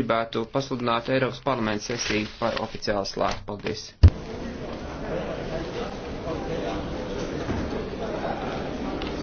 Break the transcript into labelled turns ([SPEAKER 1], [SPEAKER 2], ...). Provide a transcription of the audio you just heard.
[SPEAKER 1] gribētu pasludināt Eiropas parlamenta sesiju par oficiālu slēgtu. Paldies!